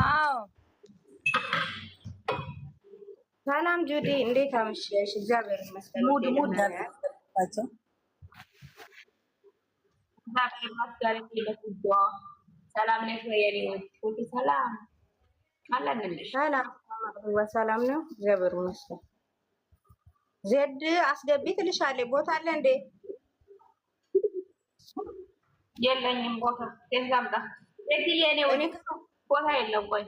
አዎ ሰላም ጁዲ፣ እንዴት አመሸሽ? እግዚአብሔር ይመስገን። ሙድ ሙድ ናቸው። ሰላም ነሽ ወይ? የኔ ሰላም አለንልሽ። ሰላም ሰላም ነው፣ እግዚአብሔር ይመስገን። ዜድ አስገቢ ትልሻለች። ቦታ አለ እንዴ? የለኝም ቦታ ዛምጣ ዜድዬ፣ እኔ ቦታ የለም። ቆይ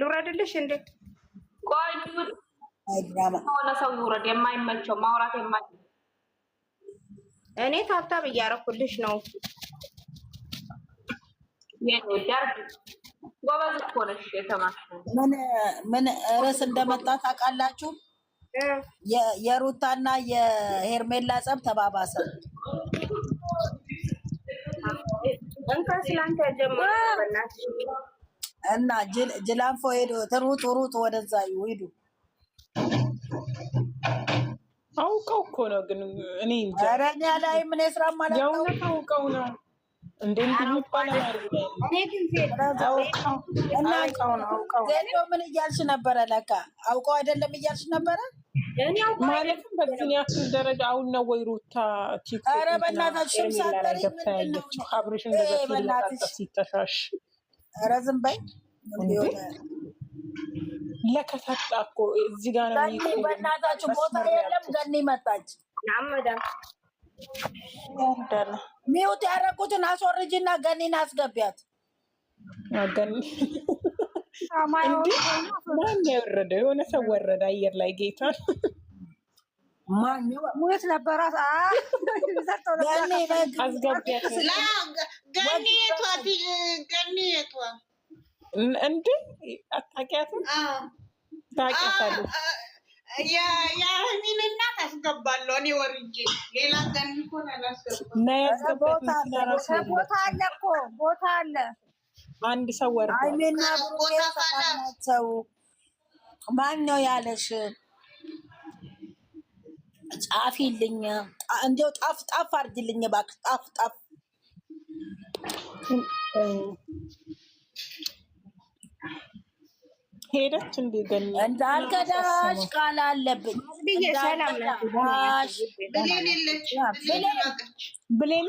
ልውረድልሽ እንዴ? ቆይ የሆነ ሰው ይውረድ። የማይመቸው ማውራት የማይ እኔ ታብታብ እያረኩልሽ ነው። ጎበዝ እኮ ነሽ የተማርሽ። ምን ምን ርዕስ እንደመጣ ታውቃላችሁ? የሩታና የሄርሜላ ጸብ ተባባሰ። እንኳን ስላንተ ጀመረ እና ጅላንፎ ሄዶ ተሩጡ ወደዛ ይሄዱ። አውቀው እኮ ነው ግን እኔ እንጃ። ኧረ ስራ ማለት ነው። የእውነት አውቀው ነው ምን እያልሽ ነበረ? ለካ አውቀው አይደለም እያልሽ ነበረ ማለትም በዚህን ያክል ደረጃ አሁን ነው ወይ ሩታ ኧረ በእናታችሁ ሲተሻሽ በይ ለከታጣ እኮ እዚህ ነው በእናታችሁ ቦታ የለም ገኒ መጣች ሚውት ያደረጉትን አስወርጅና ገኒን አስገቢያት ገኒ ማን ያወረደ? የሆነ ሰው ወረደ አየር ላይ ጌታ ነበራት። እንደ አታውቂያትም? ታውቂያታለሽ። እናት አስገባለሁ እኔ ወርጄ። ሌላ ገኒ እኮ ነው ቦታ አለ እኮ ቦታ አለ አንድ ሰው ወር አይሜና ሰው ማን ነው ያለሽ? ጻፊልኝ፣ እንደው ጣፍ ጣፍ አድርጊልኝ እባክሽ። ጣፍ ጣፍ ሄደች እንዲገኝ እንዳልከዳሽ ቃል አለብኝ። ብሌን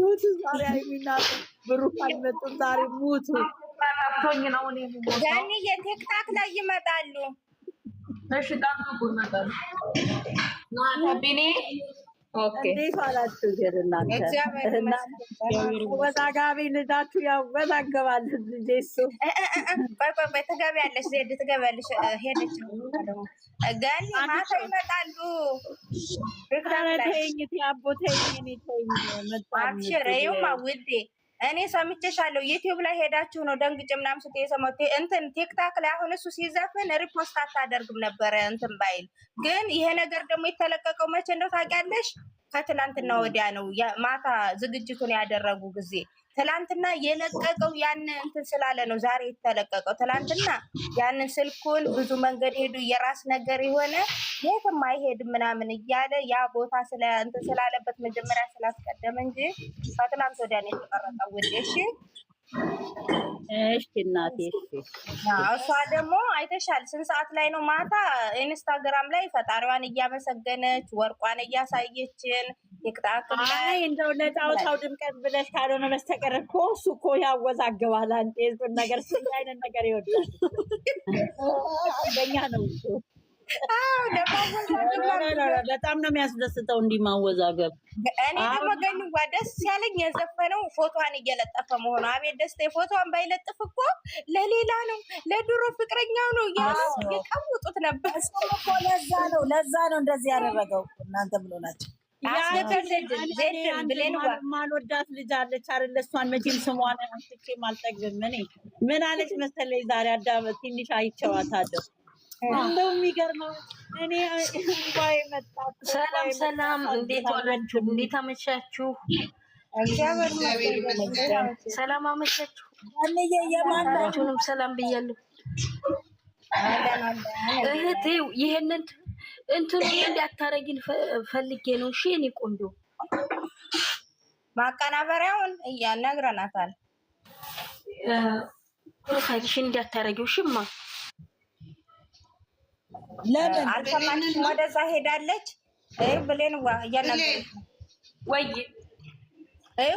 ሙቱ ዛሬ አይሚና ብሩክ አልመጡም። ዛሬ ሙቱ ጠፍቶኝ ነው። እኔ የቲክታክ ላይ ይመጣሉ። እሺ ጠብቁ፣ ይመጣሉ። እንዴት ዋላችሁ? እናተወዛጋቢ ልጃችሁ ያወዛገባል። ልጄሱ ቆይ ትገቢያለሽ፣ ዜድ ትገቢያለሽ። ሄደች ገኒ ማታ ይመጣሉ። ተይኝ፣ አቦ ተይኝ፣ ተይኝ። አብሽር ይኸውማ ውዴ እኔ ሰምቼሻለሁ። ዩቲዩብ ላይ ሄዳችሁ ነው ደንግጬ ምናምን ስትይ የሰማሁት እንትን ቲክታክ ላይ አሁን እሱ ሲዘፍን ሪፖስት አታደርግም ነበረ እንትን ባይል ግን ይሄ ነገር ደግሞ የተለቀቀው መቼ እንደው ታውቂያለሽ? ከትላንትና ወዲያ ነው ማታ ዝግጅቱን ያደረጉ ጊዜ ትላንትና የለቀቀው ያንን እንትን ስላለ ነው ዛሬ የተለቀቀው። ትላንትና ያንን ስልኩን ብዙ መንገድ ሄዱ፣ የራስ ነገር የሆነ የትም አይሄድም ምናምን እያለ ያ ቦታ እንትን ስላለበት መጀመሪያ ስላስቀደመ እንጂ ከትላንት ወዲያ ነው የተቀረጠው። ውዴ እሺ እናቴ። እሷ ደግሞ አይተሻል፣ ስንት ሰዓት ላይ ነው? ማታ ኢንስታግራም ላይ ፈጣሪዋን እያመሰገነች ወርቋን እያሳየችን ይቅጣቅላይ እንደው ለጣውታው ድምቀት ብለሽ ካልሆነ በስተቀር እኮ እሱ እኮ ያወዛግባል። አንዴ ነገር ስንት አይነት ነገር ይወዳል። አንደኛ ነው በጣም ነው የሚያስደስተው እንዲህ ማወዛገብ። እኔ ደግሞ ገኝዋ ደስ ያለኝ የዘፈነው ፎቶዋን እየለጠፈ መሆኑ። አቤት ደስታ! ፎቶዋን ባይለጥፍ እኮ ለሌላ ነው ለድሮ ፍቅረኛው ነው እየቀውጡት ነበር። ለዛ ነው ለዛ ነው እንደዚህ ያደረገው። እናንተ ብሎ ናቸው ማልወዳት ልጅ አለች አይደለ? እሷን መቼም ስሟን አንስቼ አልጠግብም። እኔ ምን አለች መሰለኝ ዛሬ አዳመ ትንሽ አይቼዋታለሁ እንደው የሚገርመው እኔ እንባዬ መጣ። ሰላም ሰላም፣ እንዴት ዋላችሁ? እንዴት አመሻችሁ? ሰላም አመሻችሁ። የማናችሁንም ሰላም ብያለሁ። እህቴ ይሄንን እንትኑ እንዳታረጊን ፈልጌ ነው። እሺ እኔ ቆንጆ ማቀናበሪያውን እያነግረናታል። ፕሮፋይልሽን እንዳታረጊው ሽማ ለምን አልሰማችም? ወደዛ ሄዳለች። ብሌን እያናገ ወይ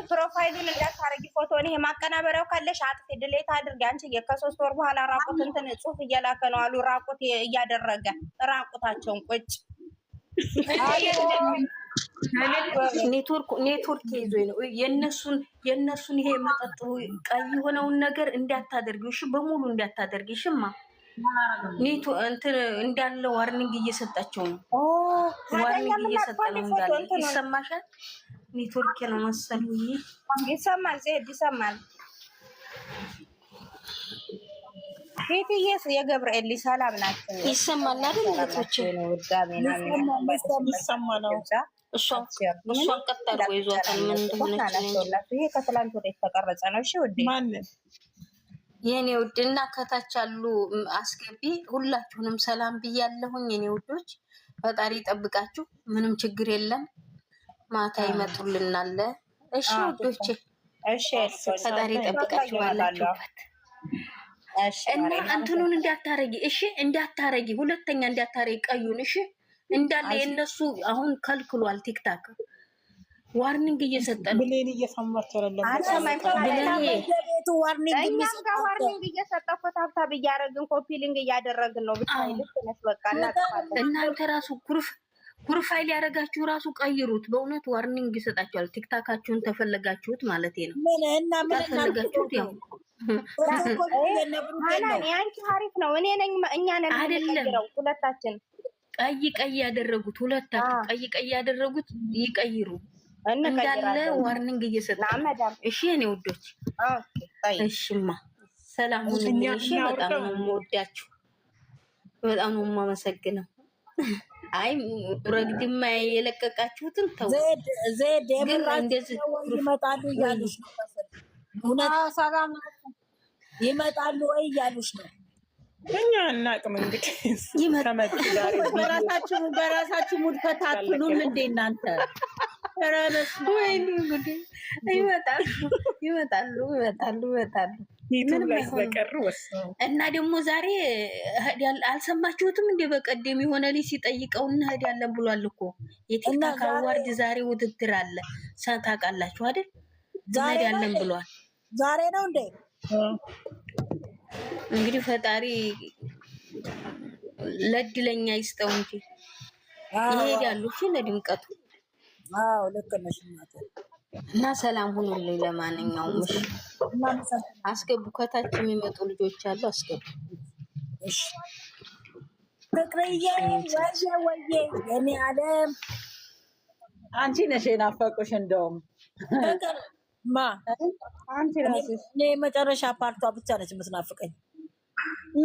ፕሮፋይሉን እንዳታረጊ ፎቶን ይሄ ማቀናበሪያው ካለሽ አጥፊ፣ ድሌት አድርጊ። ከሶስት ወር በኋላ ራቁት እንትን እየላከ ነው አሉ። ራቁት እያደረገ ራቁታቸውን ቁጭ ኔትወርክ ይዞ ነው የነሱን የነሱን ይሄ መጠጥ ቀይ የሆነውን ነገር እንዳታደርጊ እሺ፣ በሙሉ እንዳታደርጊ ኔቱ እንትን እንዳለ ዋርኒንግ እየሰጣቸው ነው። ዋርኒንግ እየሰጠ ነው እንዳለ ይሰማሻል። ኔትወርክ ነው መሰሉኝ። ይሰማል፣ ዜድ ይሰማል። ቤትዬስ የገብርኤል ሰላም ናቸው። ይሰማል አይደል? ቶች እሷን ቀጥ ይዟታል። ምን እንደሆነች ይሄ ከትላንት ወደ የተቀረጸ ነው። እሺ ውዴ የኔ ውድ እና ከታች ያሉ አስገቢ ሁላችሁንም ሰላም ብያለሁኝ። የኔ ውዶች ፈጣሪ ይጠብቃችሁ። ምንም ችግር የለም። ማታ ይመጡልናል። እሺ ውዶቼ፣ ፈጣሪ ይጠብቃችሁ ባላችሁበት እና እንትኑን እንዳታረጊ፣ እሺ እንዳታረጊ፣ ሁለተኛ እንዳታረጊ፣ ቀዩን እሺ እንዳለ የእነሱ አሁን ከልክሏል ቲክታክ ዋርኒንግ እየሰጠ ነው። ብሌን እየሰማች አይደለም። ቤቱ ዋርኒንግ እየሰጠ እኮ ታብታብ እያደረግን ኮፒሊንግ እያደረግን ነው። ብቻ ልክነት ነሽ። በቃ እናንተ ራሱ ኩርፍ ፕሮፋይል ያደረጋችሁ ራሱ ቀይሩት። በእውነት ዋርኒንግ ይሰጣችኋል። ቲክታካችሁን ተፈለጋችሁት ማለት ነው። ተፈለጋችሁት ያው አንቺ ሀሪፍ ነው። እኔ ነኝ እኛ ነን አይደለም። ሁለታችን ቀይ ቀይ ያደረጉት ሁለታችሁ ቀይ ቀይ ያደረጉት ይቀይሩ። እንዳለ ዋርኒንግ እየሰጠን እሺ፣ የኔ ውዶች እሽማ፣ ሰላም ሁንሽ። በጣም ነው የምወዳችሁ፣ በጣም ነው የማመሰግነው። አይ ረግድማ የለቀቃችሁትን ተው፣ እያሉሽ ነው። ይመጣሉ ወይ እያሉሽ ነው። እኛ እናቅም እንግዲህ በራሳችሁ ሙድ ፈታትሉን እንዴ እናንተ ይመጣሉ ይመጣሉ ይመጣሉ ይመጣሉ። እና ደግሞ ዛሬ አልሰማችሁትም እንዴ? በቀደም የሆነ ልጅ ሲጠይቀው እንሄዳለን ብሏል እኮ የቲክታክ አዋርድ ዛሬ ውድድር አለ ታውቃላችሁ አይደል? ያለን ብሏል። ዛሬ ነው እንዴ? እንግዲህ ፈጣሪ ለድለኛ ይስጠው እንጂ ይሄዳሉ እሺ ለድምቀቱ አዎ ልክ ነሽ እናቴ። እና ሰላም ሁኑልኝ። ለማንኛውም አስገቡ። ከታች የሚመጡ ልጆች አሉ፣ አስገቡ። ፍቅርዬ፣ የኔ አንቺ ነሽ የናፈቁሽ። እንደውም ማ አንቺ ራስሽ እኔ መጨረሻ ፓርቷ ብቻ ነች የምትናፍቀኝ።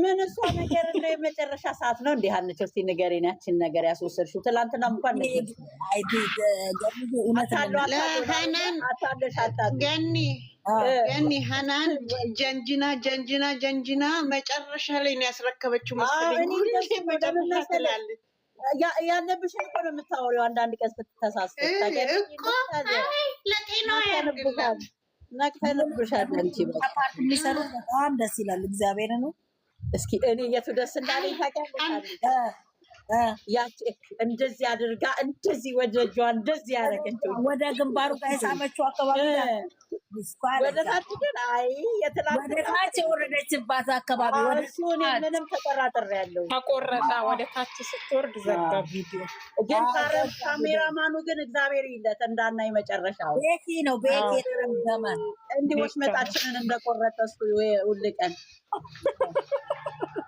ምን እሷ ነገር እንደ የመጨረሻ ሰዓት ነው እንዲህ አንቺ እስኪ ንገሪኝ፣ ያችን ነገር ያስወሰድሽው ትላንትና እንኳን ገኒ ገኒ ሀናን ጀንጅና ጀንጅና ጀንጅና መጨረሻ ላይ ነው ያስረከበችው መሰለኝ። ያለብሽ ያለብሽን እኮ ነው የምታወሪው። አንዳንድ ቀን ስትተሳሰብ እኮ በጣም ደስ ይላል። እግዚአብሔር ነው እስኪ እኔ የቱ ደስ እንዳለኝ ታውቂያለሽ? እንደዚህ አድርጋ እንደዚህ ወደ እጇ እንደዚህ ያደረገችው ወደ ግንባሩ ጋር የሳመችው አካባቢ ወደ ታች ግን አይ ወደ የወረደችባት አካባቢ እሱን ምንም ተጠራጥር ያለው ተቆረጣ ወደ ታች ስትወርድ ዘጋ ቪዲዮ ግን ካረብ ካሜራማኑ ግን እግዚአብሔር ይለት እንዳናይ መጨረሻው ቤቲ ነው ቤቲ የተረገመ እንዲህ ወሽመጣችንን እንደቆረጠ እሱ ውልቀን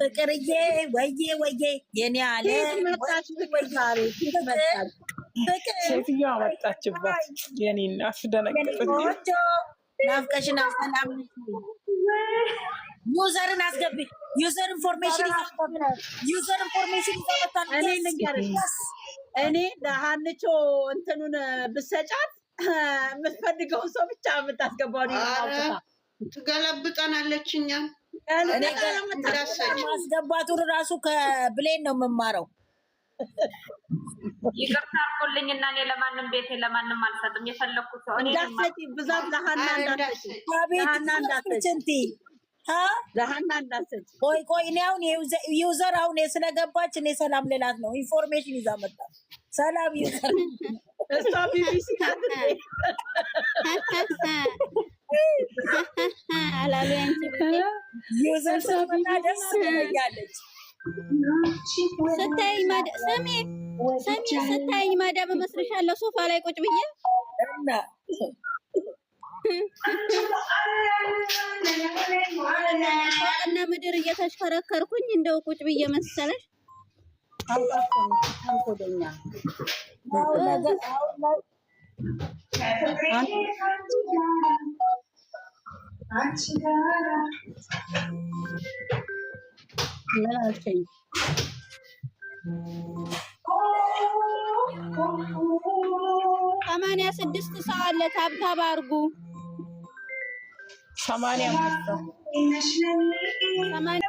ፍቅርዬ ወዬ ወዬ የኔ አለ ሴትዮ አመጣችባት። የኔ ናፍቀሽን ዩዘርን አስገቢ። ዩዘር ኢንፎርሜሽን ዩዘር ኢንፎርሜሽን እኔ ልንገርሽ እኔ ለሀንቾ እንትኑን ብሰጫት የምትፈልገውን ሰው ብቻ የምታስገባው ትገለብጠናለች። እኛም ራሱ ከብሌን ነው የምማረው። ይቅርታ አድርጉልኝና እኔ ለማንም ቤቴ ለማንም አልሰጥም። የፈለግኩት ሰው እንዳትሰጪ፣ ብዛት ለሀና እንዳትሰጪ፣ ለሀና እንዳትሰጪ። ቆይ ቆይ እኔ አሁን ዩዘር አሁን ስለገባች እኔ ሰላም ልላት ነው። ኢንፎርሜሽን ይዛ መጣ። ሰላም ዩዘር እሷ ቢቢሲ ያለች ማዳም መስልሻለሁ ሶፋ ላይ ቁጭ ብዬ እና ምድር እየተሽከረከርኩኝ እንደው ቁጭ ብዬ መሰለሽ። ሰማንያ ስድስት ሰው አለ። ታብታብ አድርጉ። ሰማንያ ሰማንያ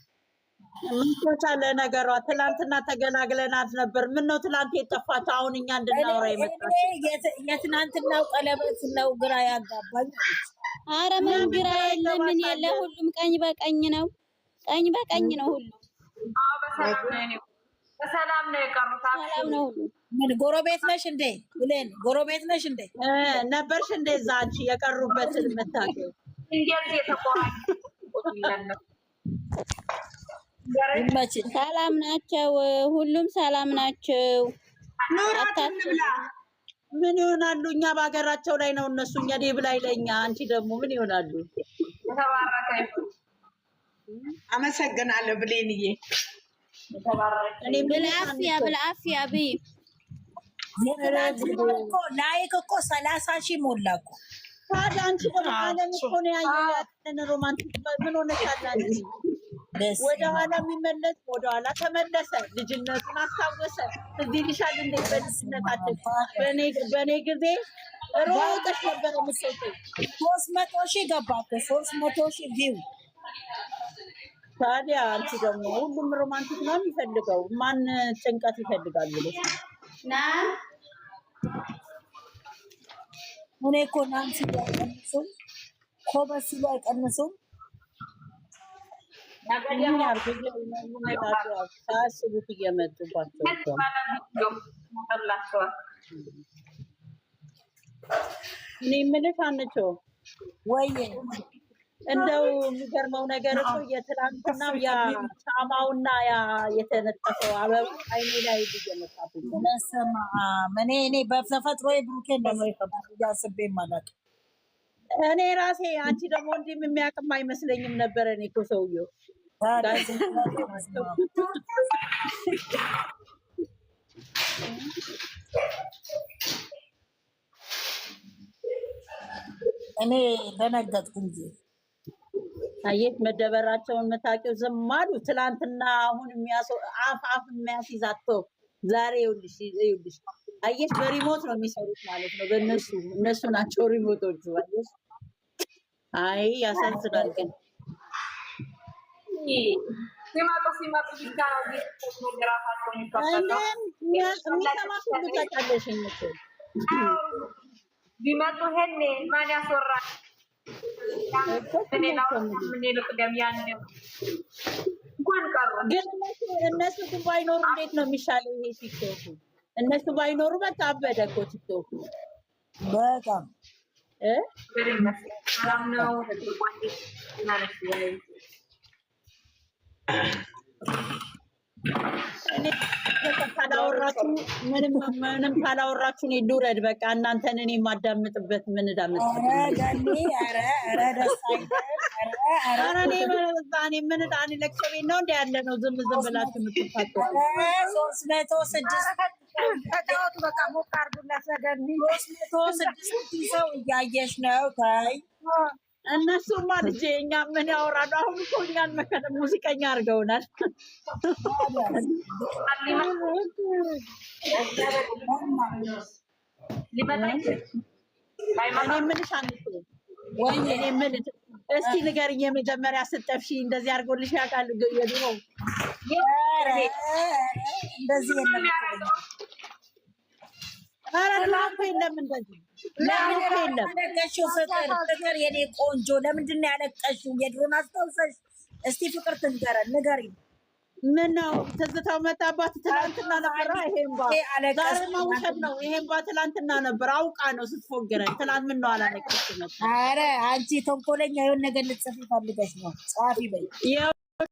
ምንቶቻ ነገሯ ትላንትና ተገላግለናት ነበር። ምን ነው ትላንት የጠፋች አሁን እኛ እንድናወራ የትናንትናው ቀለበት ነው ግራ ያጋባኝ። አረ ምን ግራ የለ ምን የለ፣ ሁሉም ቀኝ በቀኝ ነው። ቀኝ በቀኝ ነው ሁሉም። በሰላም ነው የቀሩት። ነው ሁሉ። ምን ጎረቤት ነሽ እንዴ? ብሌን ጎረቤት ነሽ እንዴ? ነበርሽ እንዴ? እዛ አንቺ የቀሩበትን የምታውቂው እንዴት የተቆራ ሰላም ናቸው። ሁሉም ሰላም ናቸው። ምን ይሆናሉ? እኛ በሀገራቸው ላይ ነው እነሱ እኛ ዴብ ላይ ለእኛ፣ አንቺ ደግሞ ምን ይሆናሉ? አመሰግናለሁ ብሌንዬ። ብልአፍያ ብልአፍያ ብ ላይክ እኮ ሰላሳ ሺ ሞላ እኮ ታዲያ። አንቺ ደግሞ አለም እኮ ነው ያየያትን ሮማንቲክ ምን ሆነሻል? ወደኋላ የሚመለስ ወደኋላ ተመለሰ። ልጅነቱን አስታወሰ። እዚህ ልሻል እንደ በልጅነት በእኔ ጊዜ ሮጠሽ ነበረ ምሰጡ ሶስት መቶ ሺህ ገባተ ሶስት መቶ ሺህ ቪው ታዲያ አንቺ ደግሞ ሁሉም ሮማንቲክ ነው የሚፈልገው። ማን ጭንቀት ይፈልጋል ብለሽ ና እኔ እኮ ናንሲ አይቀንሱም፣ ኮበስ አይቀንሱም ሳያስቡት እየመጡባቸው እኔ የምልሽ አንቸው ወይ እንደው የሚገርመው ነገር እኮ የትላንትና ያ ሻማውና ያ የተነጠፈው አበባ አይኔ ላይ እየመጣብኝ በስመ እኔ በተፈጥሮ ብሩኬን እያስቤም አላውቅም። እኔ ራሴ አንቺ ደግሞ እንዲህ የሚያውቅም አይመስለኝም ነበር። እኔ እኮ ሰውዬው እኔ ደነገጥኩ እንጂ አየት መደበራቸውን የምታውቂው ዝም አሉ። ትላንትና አሁን አፍ አፍ ዛሬ ይኸውልሽ ይኸውልሽ አየሽ በሪሞት ነው የሚሰሩት ማለት ነው። በእነሱ እነሱ ናቸው ሪሞቶቹ። አይ ያሳዝናል ግን ሲመጡ ሲመጡ ብቻ ራሳቸው የሚከፈለው ቢመጡ ሄኔ ማን ያስወራ? ግን እነሱ ግን ባይኖሩ እንዴት ነው የሚሻለው? ይሄ ቲክቶክ እነሱ ባይኖሩ በቃ አበደ እኮ ቲክቶክ በጣም ምንም ካላወራችሁ እኔ ልውረድ። በቃ እናንተን እኔ የማዳምጥበት ምን ዳምጥ ምን ጣን ለቅሶቤ ነው እንደ ያለ ነው። ዝም ዝም ብላችሁ የምትፋ ሰው እያየሽ ነው ታይ እነሱማ ልጄ እኛ ምን ያወራሉ? አሁን እኮ እኛን ሙዚቀኛ አድርገውናል። እስቲ ንገርኝ፣ የመጀመሪያ ስጠፍሺ እንደዚህ አድርጎልሽ ያውቃል? የድሮ እንደዚህ የለም። እንደዚህ ለምንለቀሽው ፍቅር ፍቅር የኔ ቆንጆ ለምንድን ነው ያለቀሽው? የድሮን አስታውሰሽ እስቲ ፍቅር ትንገረን ንገሪኝ። ምነው ትዝታው መጣባት? ትላንትና ነበር ዛሬማ ውሸት ነው። ይሄን ትላንትና ነበር አውቃ ነው ስትፎግረን። ትላንት ምነው አላለቀሽ ነበር? ኧረ አንቺ ተንኮለኛ የሆነ ነገር ልትጽፊ ፈልገሽ ነው። ጸሐፊ በይ